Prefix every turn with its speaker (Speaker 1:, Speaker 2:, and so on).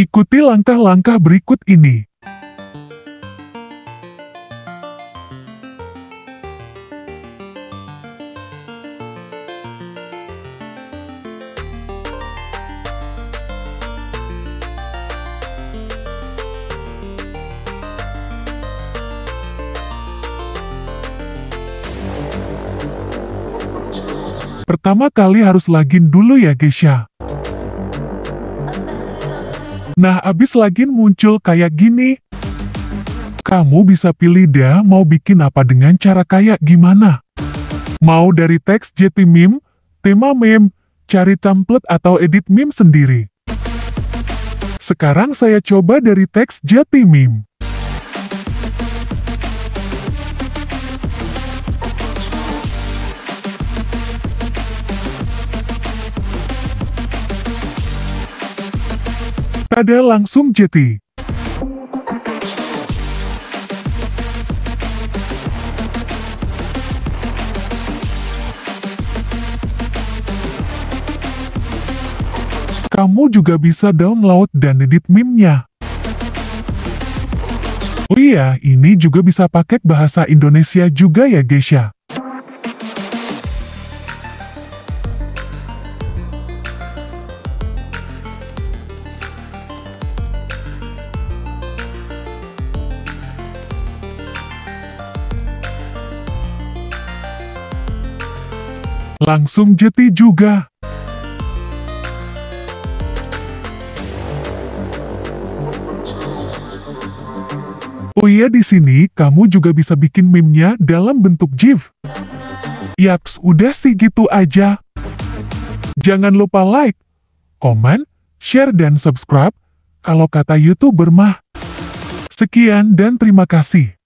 Speaker 1: Ikuti langkah-langkah berikut ini. Pertama kali harus login dulu ya Geisha. Nah abis lagi muncul kayak gini. Kamu bisa pilih dia mau bikin apa dengan cara kayak gimana. Mau dari teks JT meme, tema meme, cari template atau edit meme sendiri. Sekarang saya coba dari teks JT meme. Pada langsung jeti. Kamu juga bisa download dan edit meme-nya. Oh iya, ini juga bisa paket bahasa Indonesia juga ya Geisha. langsung jeti juga. Oh iya di sini kamu juga bisa bikin meme-nya dalam bentuk GIF. Yaps, udah sih gitu aja. Jangan lupa like, komen, share dan subscribe kalau kata YouTuber mah. Sekian dan terima kasih.